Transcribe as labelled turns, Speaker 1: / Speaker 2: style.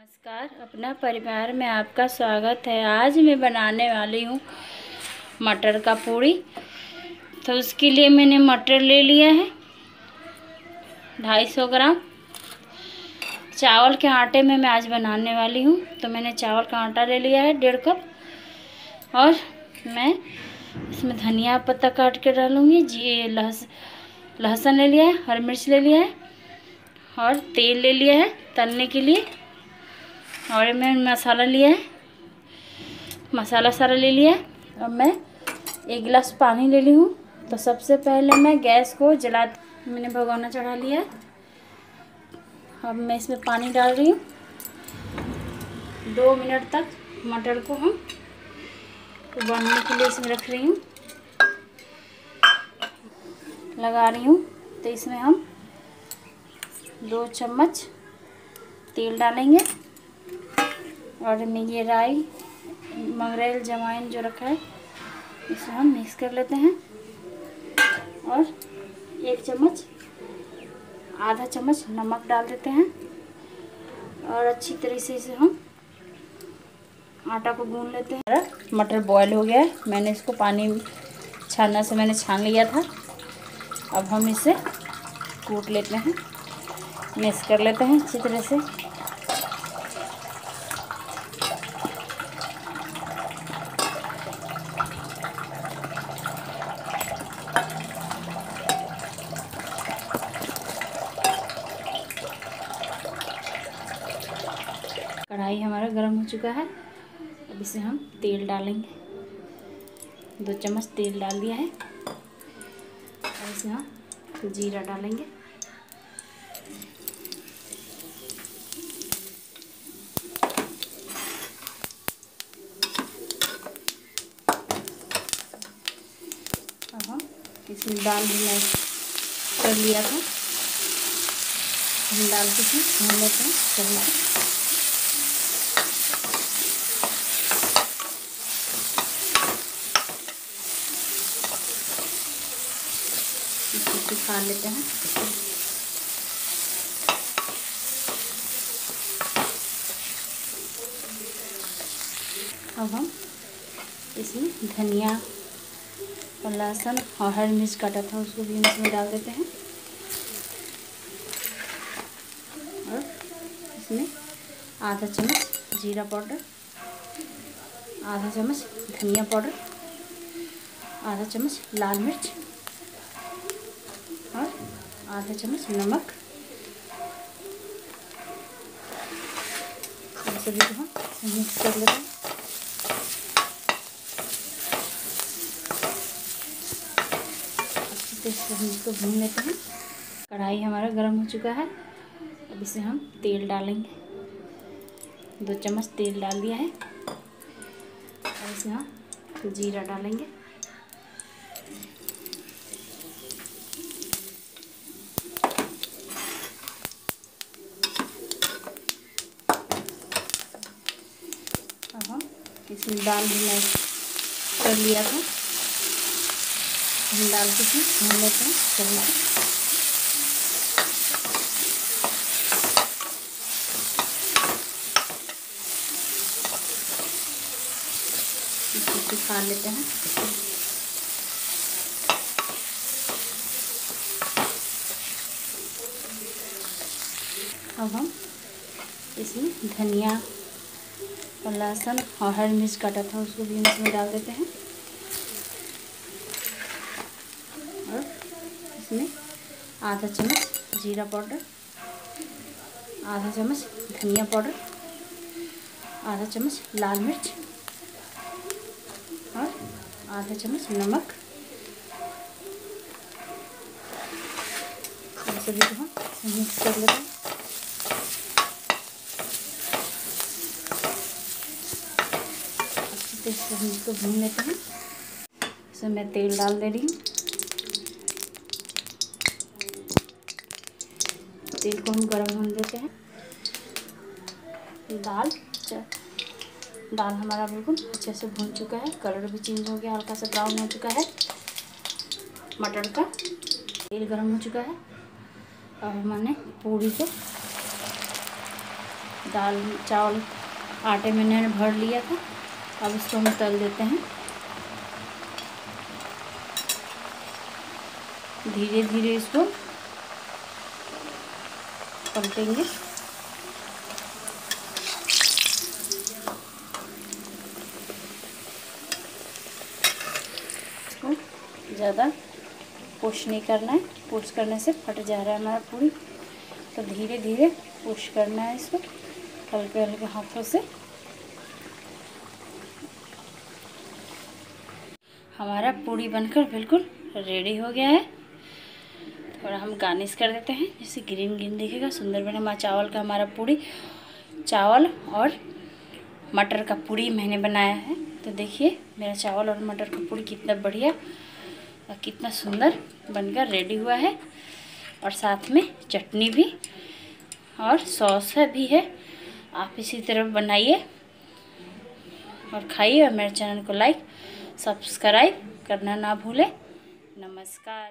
Speaker 1: नमस्कार अपना परिवार में आपका स्वागत है आज मैं बनाने वाली हूँ मटर का पूड़ी तो उसके लिए मैंने मटर ले लिया है ढाई सौ ग्राम चावल के आटे में मैं आज बनाने वाली हूँ तो मैंने चावल का आटा ले लिया है डेढ़ कप और मैं इसमें धनिया पत्ता काट के डालूँगी जी लहस लहसुन ले लिया है हरी मिर्च ले लिया है और तेल ले लिया है तलने के लिए और मैं मसाला लिया है मसाला सारा ले लिया है और मैं एक गिलास पानी ले ली हूँ तो सबसे पहले मैं गैस को जला मैंने भगवाना चढ़ा लिया अब मैं इसमें पानी डाल रही हूँ दो मिनट तक मटर को हम उबालने के लिए इसमें रख रही हूँ लगा रही हूँ तो इसमें हम दो चम्मच तेल डालेंगे और ये राई मंगरेल जमाइन जो रखा है इसे हम मिक्स कर लेते हैं और एक चम्मच आधा चम्मच नमक डाल देते हैं और अच्छी तरह से इसे हम आटा को गून लेते हैं मटर बॉयल हो गया है मैंने इसको पानी छानना से मैंने छान लिया था अब हम इसे कूट लेते हैं मिक्स कर लेते हैं अच्छी तरह से कढ़ाई हमारा गर्म हो चुका है अब इसे हम तेल डालेंगे दो चम्मच तेल डाल दिया है और इसे हम जीरा डालेंगे अब हम इसमें दाल भी कर लिया था हम डाल के हम लेते हैं रोटी खा लेते हैं अब हम इसमें धनिया और लहसुन और हरी मिर्च काटा था उसको भी इसमें डाल देते हैं और इसमें आधा चम्मच जीरा पाउडर आधा चम्मच धनिया पाउडर आधा चम्मच लाल मिर्च और हाँ, आधा चम्मच नमक सभी को हम मिक्स कर लेते हैं अच्छे से इसको भून लेते हैं कढ़ाई हमारा गर्म हो चुका है अब इसे हम तेल डालेंगे दो चम्मच तेल डाल दिया है और इसे हम हाँ, जीरा डालेंगे इसमें दाल भी मैं कर लिया था हम डालते थे भून लेते हैं सभी खा लेते हैं अब हम इसमें धनिया और लहसुन और हर मिर्च काटा था उसको भी इसमें डाल देते हैं और इसमें आधा चम्मच जीरा पाउडर आधा चम्मच धनिया पाउडर आधा चम्मच लाल मिर्च और आधा चम्मच नमक सभी को हम मिक्स कर लेते हैं से इसको हम इसको भून लेते हैं इसमें मैं तेल डाल दे रही हूँ तेल को हम गर्म भून देते हैं दाल अच्छा, दाल हमारा बिल्कुल अच्छे से भून चुका है कलर भी चेंज हो गया हल्का सा ब्राउन हो चुका है मटर का तेल गर्म हो चुका है और मैंने पूरी को दाल चावल आटे में मैंने भर लिया था अब इसको हम तल देते हैं धीरे धीरे इसको पलटेंगे इसको ज़्यादा पुश नहीं करना है पुश करने से फट जा रहा है हमारा पूरी तो धीरे धीरे पुश करना है इसको हल्के हल्के हाथों से हमारा पूड़ी बनकर बिल्कुल रेडी हो गया है थोड़ा हम गार्निश कर देते हैं जैसे ग्रीन ग्रीन दिखेगा सुंदर बने हमारा चावल का हमारा पूड़ी चावल और मटर का पूड़ी मैंने बनाया है तो देखिए मेरा चावल और मटर का पूड़ी कितना बढ़िया और कितना सुंदर बनकर रेडी हुआ है और साथ में चटनी भी और सॉस है भी है आप इसी तरह बनाइए और खाइए और मेरे चैनल को लाइक सब्सक्राइब करना ना भूलें नमस्कार